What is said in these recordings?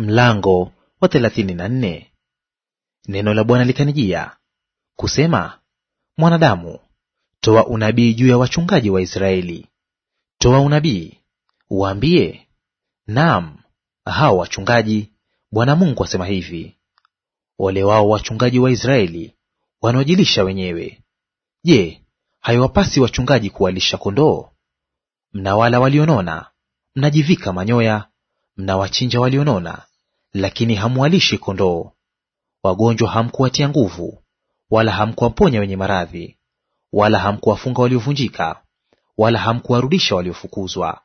Mlango wa thelathini na nne. Neno la Bwana likanijia kusema, mwanadamu, toa unabii juu ya wachungaji wa Israeli. Toa unabii uambie, naam, hao wachungaji, Bwana Mungu asema hivi, ole wao wachungaji wa Israeli wanaojilisha wenyewe. Je, haiwapasi wachungaji kuwalisha kondoo? Mnawala walionona, mnajivika manyoya, mnawachinja walionona lakini hamwalishi kondoo. Wagonjwa hamkuwatia nguvu, wala hamkuwaponya wenye maradhi, wala hamkuwafunga waliovunjika, wala hamkuwarudisha waliofukuzwa,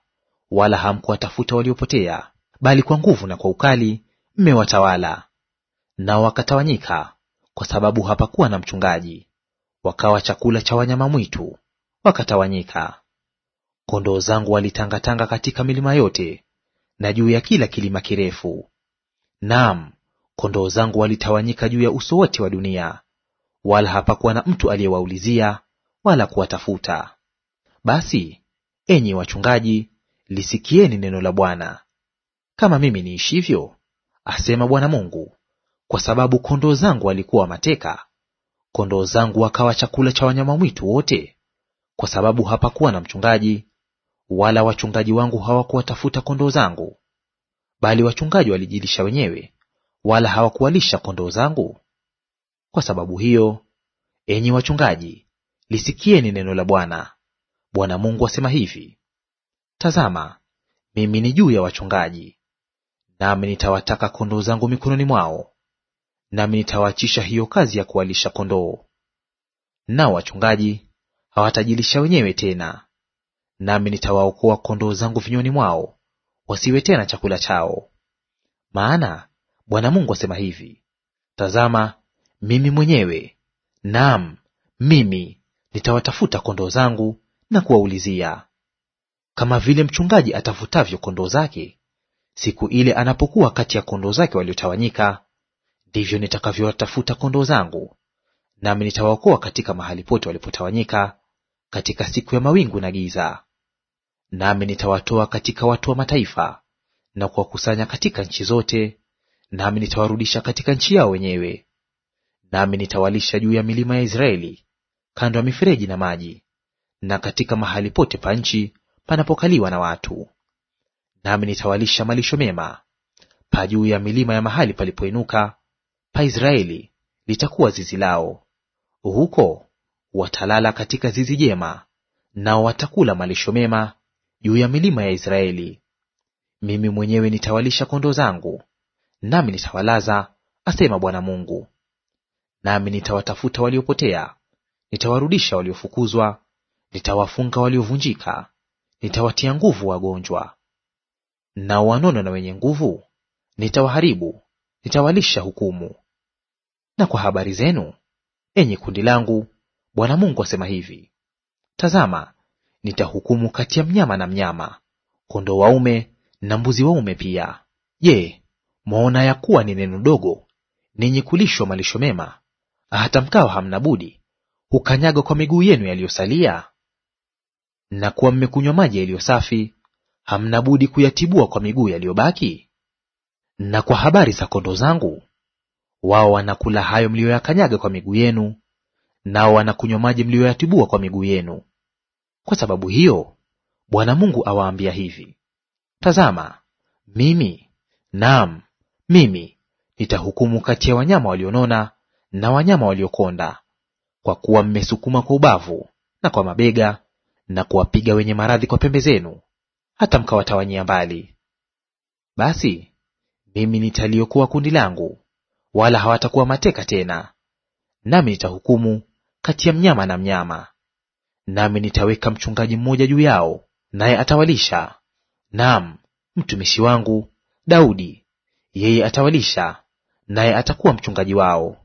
wala hamkuwatafuta waliopotea, bali kwa nguvu na kwa ukali mmewatawala. Nao wakatawanyika, kwa sababu hapakuwa na mchungaji, wakawa chakula cha wanyama mwitu, wakatawanyika. Kondoo zangu walitangatanga katika milima yote na juu ya kila kilima kirefu, Naam, kondoo zangu walitawanyika juu ya uso wote wa dunia, wala hapakuwa na mtu aliyewaulizia wala kuwatafuta. Basi enyi wachungaji, lisikieni neno la Bwana. Kama mimi niishivyo, asema Bwana Mungu, kwa sababu kondoo zangu walikuwa mateka, kondoo zangu wakawa chakula cha wanyama mwitu wote, kwa sababu hapakuwa na mchungaji, wala wachungaji wangu hawakuwatafuta kondoo zangu, bali wachungaji walijilisha wenyewe, wala hawakuwalisha kondoo zangu? Kwa sababu hiyo, enyi wachungaji, lisikieni neno la Bwana. Bwana Mungu asema hivi: Tazama, mimi ni juu ya wachungaji, nami nitawataka kondoo zangu mikononi mwao, nami nitawaachisha hiyo kazi ya kuwalisha kondoo. Nao wachungaji hawatajilisha wenyewe tena, nami nitawaokoa kondoo zangu vinywani mwao wasiwe tena chakula chao. Maana Bwana Mungu asema hivi, tazama, mimi mwenyewe, naam mimi, nitawatafuta kondoo zangu na kuwaulizia. Kama vile mchungaji atafutavyo kondoo zake siku ile anapokuwa kati ya kondoo zake waliotawanyika, ndivyo nitakavyowatafuta kondoo zangu, nami nitawaokoa katika mahali pote walipotawanyika, katika siku ya mawingu na giza. Nami nitawatoa katika watu wa mataifa na kuwakusanya katika nchi zote, nami nitawarudisha katika nchi yao wenyewe. Nami nitawalisha juu ya milima ya Israeli, kando ya mifereji na maji, na katika mahali pote pa nchi panapokaliwa na watu. Nami nitawalisha malisho mema; pa juu ya milima ya mahali palipoinuka pa Israeli litakuwa zizi lao. Huko watalala katika zizi jema, nao watakula malisho mema juu ya milima ya Israeli. Mimi mwenyewe nitawalisha kondoo zangu, nami nitawalaza, asema Bwana Mungu. Nami nitawatafuta waliopotea, nitawarudisha waliofukuzwa, nitawafunga waliovunjika, nitawatia nguvu wagonjwa. Na wanono na wenye nguvu nitawaharibu, nitawalisha hukumu. Na kwa habari zenu, enyi kundi langu, Bwana Mungu asema hivi: Tazama, nitahukumu kati ya mnyama na mnyama, kondoo waume na mbuzi waume pia. Je, mwaona ya kuwa ni neno dogo ninyi kulishwa malisho mema, hata mkawa hamna budi hukanyaga kwa miguu yenu yaliyosalia? Na kuwa mmekunywa maji yaliyo safi, hamna budi kuyatibua kwa miguu yaliyobaki? Na kwa habari za kondoo zangu, wao wanakula hayo mliyoyakanyaga kwa miguu yenu, nao wanakunywa maji mliyoyatibua kwa miguu yenu. Kwa sababu hiyo Bwana Mungu awaambia hivi, tazama, mimi naam, mimi nitahukumu kati ya wanyama walionona na wanyama waliokonda, kwa kuwa mmesukuma kwa ubavu na kwa mabega na kuwapiga wenye maradhi kwa pembe zenu, hata mkawatawanyia mbali. Basi mimi nitaliokoa kundi langu, wala hawatakuwa mateka tena, nami nitahukumu kati ya mnyama na mnyama, nami nitaweka mchungaji mmoja juu yao, naye atawalisha; naam, mtumishi wangu Daudi, yeye atawalisha, naye atakuwa mchungaji wao.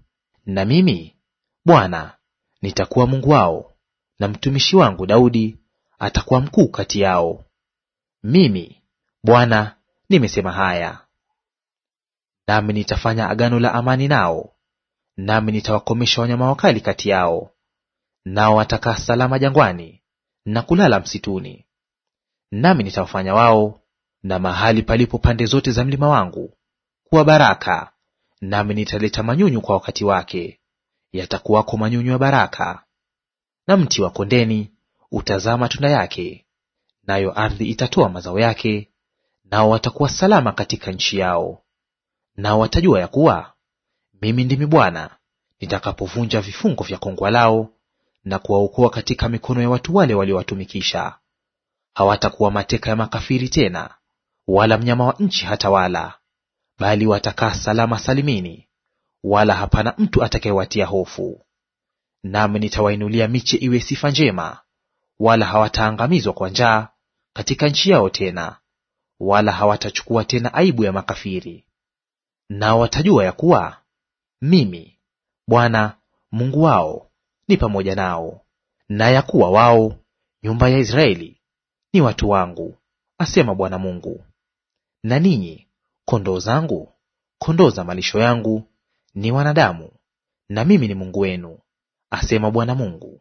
Na mimi Bwana nitakuwa Mungu wao, na mtumishi wangu Daudi atakuwa mkuu kati yao. Mimi Bwana nimesema haya. Nami nitafanya agano la amani nao, nami nitawakomesha wanyama wakali kati yao, nao watakaa salama jangwani na kulala msituni. Nami nitawafanya wao na mahali palipo pande zote za mlima wangu kuwa baraka, nami nitaleta manyunyu kwa wakati wake, yatakuwako manyunyu ya baraka. Na mti wa kondeni utazaa matunda yake, nayo ardhi itatoa mazao yake, nao watakuwa salama katika nchi yao. Nao watajua ya kuwa mimi ndimi Bwana nitakapovunja vifungo vya kongwa lao na kuwaokoa katika mikono ya watu wale waliowatumikisha. Hawatakuwa mateka ya makafiri tena, wala mnyama wa nchi hatawala, bali watakaa salama salimini, wala hapana mtu atakayewatia hofu. Nami nitawainulia miche iwe sifa njema, wala hawataangamizwa kwa njaa katika nchi yao tena, wala hawatachukua tena aibu ya makafiri. Nao watajua ya kuwa mimi Bwana Mungu wao ni pamoja nao, na ya kuwa wao nyumba ya Israeli ni watu wangu, asema Bwana Mungu. Na ninyi kondoo zangu, kondoo za malisho yangu, ni wanadamu, na mimi ni Mungu wenu, asema Bwana Mungu.